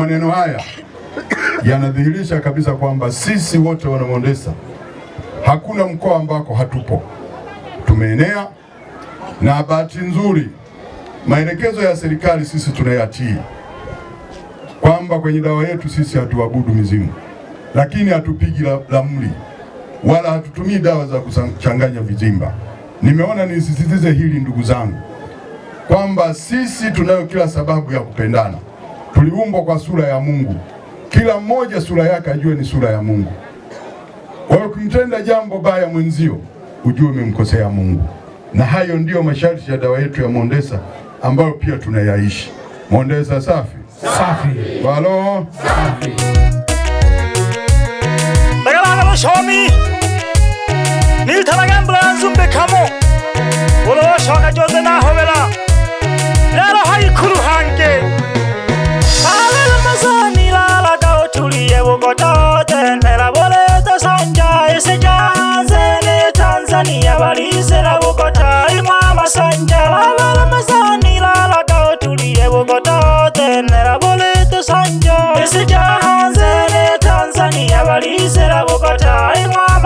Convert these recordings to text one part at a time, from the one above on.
Maneno haya yanadhihirisha kabisa kwamba sisi wote wana Mondesa hakuna mkoa ambako hatupo, tumeenea na bahati nzuri maelekezo ya serikali sisi tunayatii, kwamba kwenye dawa yetu sisi hatuabudu mizimu, lakini hatupigi ramli la wala hatutumii dawa za kuchanganya vizimba Nimeona nisisitize hili ndugu zangu, kwamba sisi tunayo kila sababu ya kupendana. Tuliumbwa kwa sura ya Mungu, kila mmoja sura yake ajue ni sura ya Mungu. Kwa hiyo ukimtenda jambo baya mwenzio, ujue umemkosea Mungu, na hayo ndiyo masharti ya dawa yetu ya Mondesa ambayo pia tunayaishi. Mondesa safi safi, walo safi, barabara washomi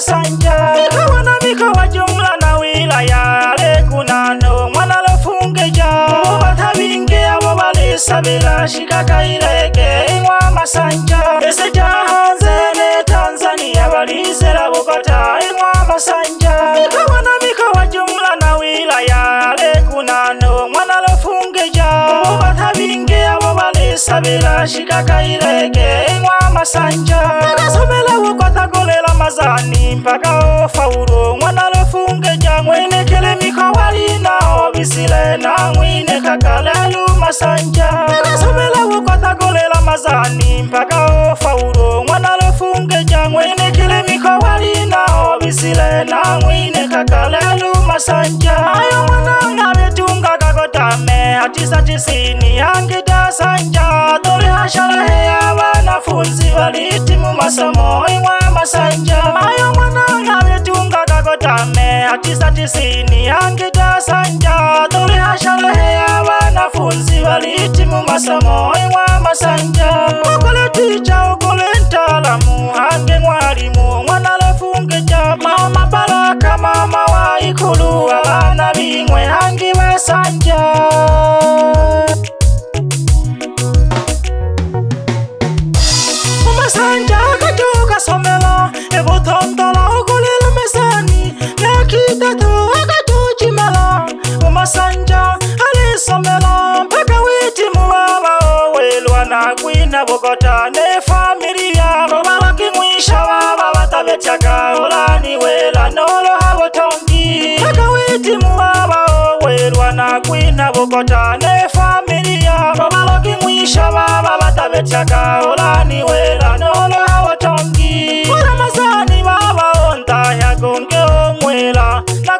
Masanja wanamika wa jumla na wilaya lekunano mwanalofungeja mubatabinge abo balisabira shika kairege mwa Masanja ese jahanze ne Tanzania balisera Bogota mwa Masanja wanamika wa jumla na wilaya lekunano mwanalofungeja mubatabinge abo balisabira shika kairege mwa Masanja mazani mpaka ofaulo mwana lofunge ja mwene kele mikawali na obisile na mwine kakala lu masanja nasobela wukota golela mazani mpaka ofaulo mwana lofunge ja mwene kele mikawali na obisile na mwine kakala lu masanja ayo mwana ngabetunga kakotame atisa tisini angita sanja dore hashalehe ya banafunzi balitimu masomo imwa masanja tame atisatisini angitasanja tuli hasharehea wanafunzi walitimu masomo imwa masanja kakole ticha ukule ntalamu kwina vogota ne familia rova vakimwisha vava vatavetaka olaniwela nolohavotongi takawiti muvava owelwa na kwina vogota ne familia rova vakimwisha vava vatavetaka olaniwela nolohavotongi oramazani vava ontaya gonge omwela na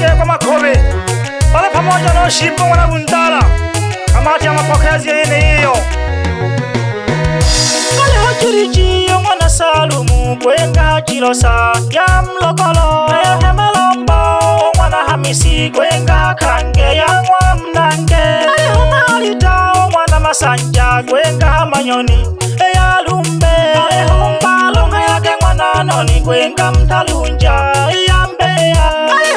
ke kwamakhobe bale pamoja noshipo mwana kundala amati amapoka yaziya yeneiyo kale hachiriciyo mwana salumu kwenga hachilosa ya mlokolo ayahemalomba mwana hamisi kwenga hakange ya mwamnange ayehomalitao mwana masanja kwenga hamanyoni eyalumbe ayehombalonga yake mwana noni kwenga mtalunja ya mbeya Ale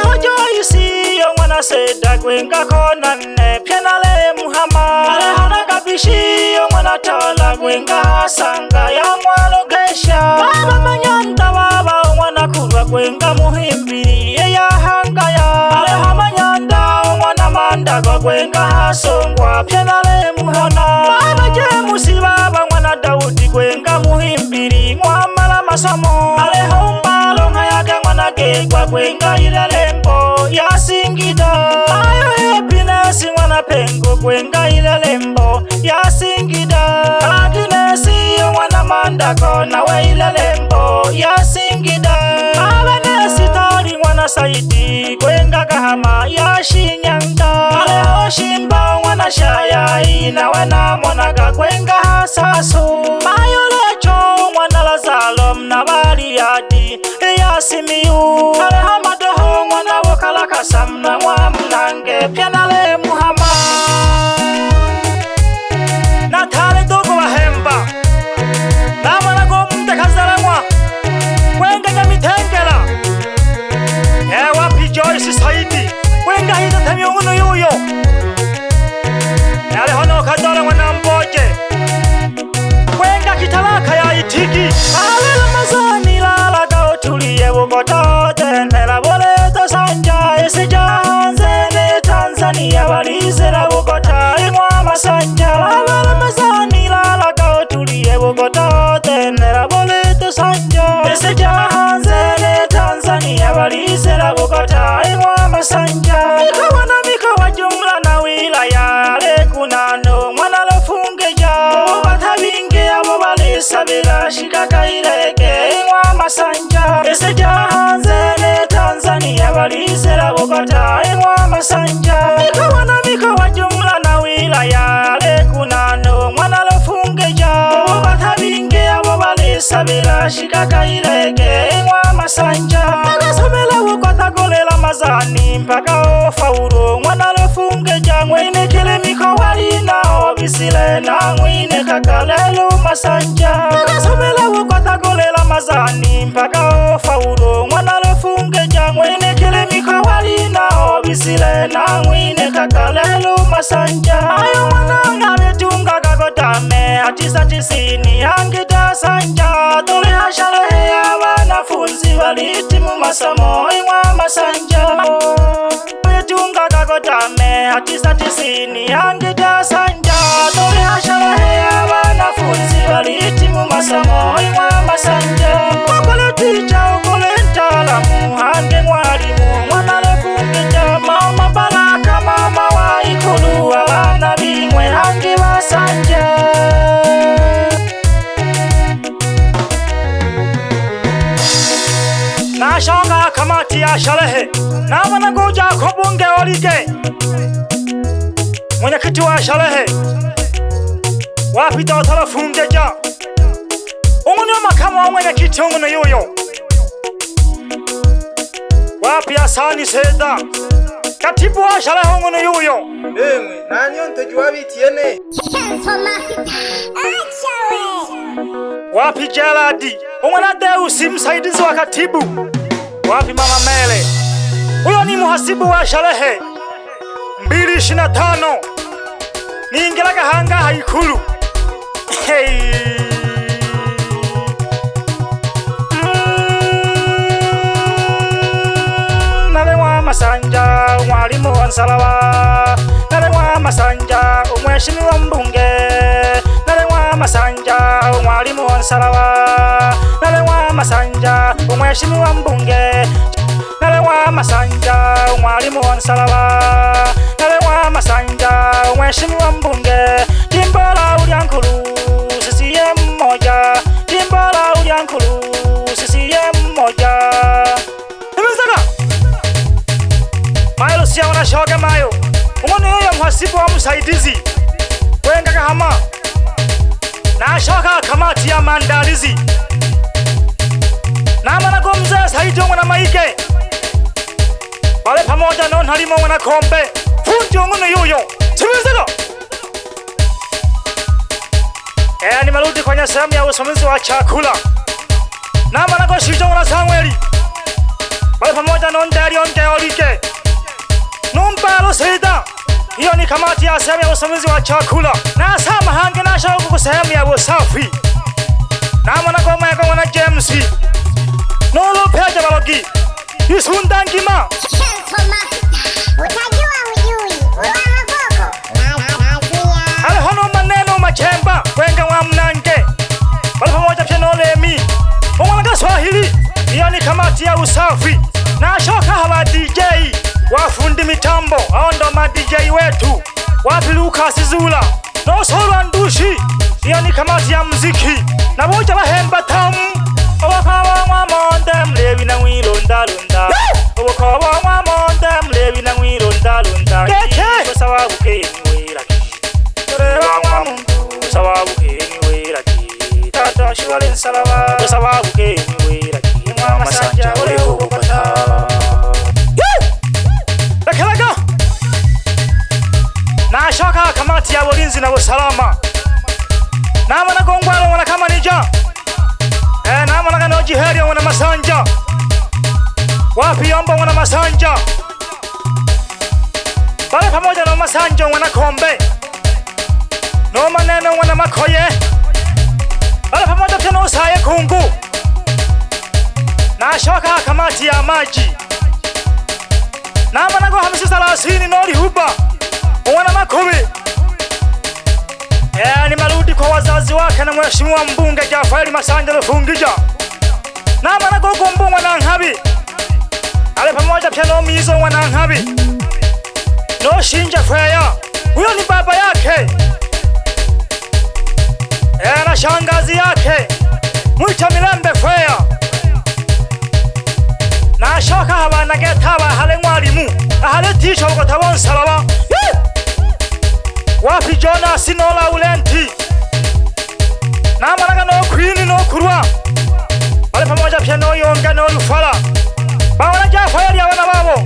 kona seda kwenga kona mne pena le muhama ale hana kabishi yo mwana tola kwenga sanga ya mwalo kesha baba manyanda baba mwana kurwa kwenga muhimbi ya hanga ya ale hama nyanda mwana manda kwa kwenga songwa pena le muhana baba je musiba baba mwana daudi kwenga muhimbi mwa mala masomo ale hama kwa kwengaira lembo ya Singida ayo hepinesi mwana pengo kwengaira lembo ya Singida yo mwana mandako nawe ila lembo ya Singida abenesi tari mwana saidi kwenga kahama ya Shinyanga aleho shimba mwana shayai nawe namonaga kwenga hasasu lecho mwana Lazalo mnabariadi asimi oh. yu kale hamado ho mwana wokalaka samna mwa mnange eh, get. sile na mwine kakalelo masanja kasomela wokotagolela mazani mpaka ofauro mwanalofunge jamwene kele mikawali na obisile na mwine kakalelo masanja ayo mwananga vetunga kakotame atisa tisini angita sanja tulea sharehe ya wanafunzi walitimu masomo imwa masanja vetunga kakotame atisa tisini angita sanja iti mumasamo oimwa masanja wakole ticha okole ntalamu hange mwalimu mwanalekumbinja mama balaka mama wa ikulu alana bimwe hange basanja nashonga kamati ya sherehe nabona kuja kubunge olike mwenyekiti wa sherehe wapita otalafunge ja huyu makamu wa mwenyekiti ng'uno yoyo wapi asani Seda katibu wa shara ng'uno yuyo emwe nanyo ntojua bitiene wapi Gerald umwana Deusi msaidizi wa katibu wapi mama Mele huyo ni muhasibu wa sharehe mbili ishirini na tano ningeraga hanga haikulu hey. wamasanja mwalimu wa nsalaba nale wamasanja omwesimi wa mbunge nale wamasanja omwalimu wa nsalaba nale wamasanja omwesimi wa mbunge nale wamasanja omwalimu wa nsalaba nale wamasanja omwesimi wa mbunge jimbola ulyankulu sisiye mmoja gashoke mayo umone yoyo mhasibu wa msaidizi wenga na nashoka kamati ya mandalizi namanago mzee saidi omwe na maike bale pamoja nonhalimo omwe na kombe fundi ong'ono yuyo sibizigo ee nimerudi kwenye sehemu ya usimamizi wa chakula namanago shijongo na samweli bale pamoja nondeliongeolike Numbaro Sida. Hiyo ni kamati ya sehemu ya usimamizi wa chakula na Samahange na Shauku kwa sehemu ya usafi na mwanagoma ya mwana James Nolo Peja Balogi Yusundangima wapi Lucas Zula nosora ndushi iyo kamati ya muziki na boja bahemba tamu obaka banywa monde na mwilondalonda obaka banywa monde mlevi na mwilondalonda sawa bukeni wera sawa bukeni wera tata shiwale nsalaba sawa namana gongwalo wana kama nija eh, namana kana wana masanja wapi wana masanja bara pamoja na masanja wana kombe no maneno wana makoye bara pamoja tena usaye kungu na kamati ya maji namana go hamsi thelathini nori na mheshimiwa mbunge Jafari Masanja Rufungija nama nagogo mwanankabi ale pamoja pia nomizo no shinja fweya huyo ni baba yake ena na shangazi yake mwita Milembe shoka hawa na getawa hale mwalimu ahale tisha ukotabonsalaba wapi Jonasi sinola ulenti namaraga nokwini nokurwa bali pamoja pia noyonga lufala baona jafaya lya wana babo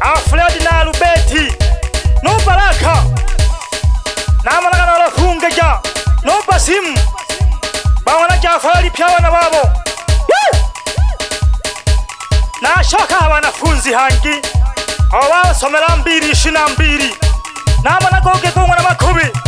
afred ah, na lubeti no alubeti nobaraka namaraga norofungeja nobasimu baona jafaya lipya wana babo nashoka abanafunzi hangi abo babasomera mbiri ishina mbiri namana goge gongwa na makubi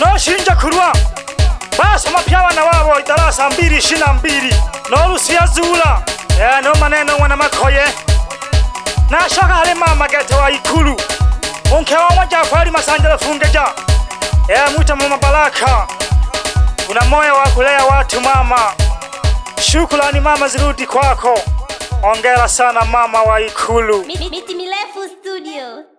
noshinja kurwa basoma by'abana babo idarasa mbiri ishina zula norusiyazula no maneno wana makoye nashaka mama gete wa ikulu unkewawa jakwali masanjala fungeja muta mu mabaraka kuna moyo wa kulea watu mama shukrani mama zirudi kwako ongera sana mama wa ikulu miti mirefu studio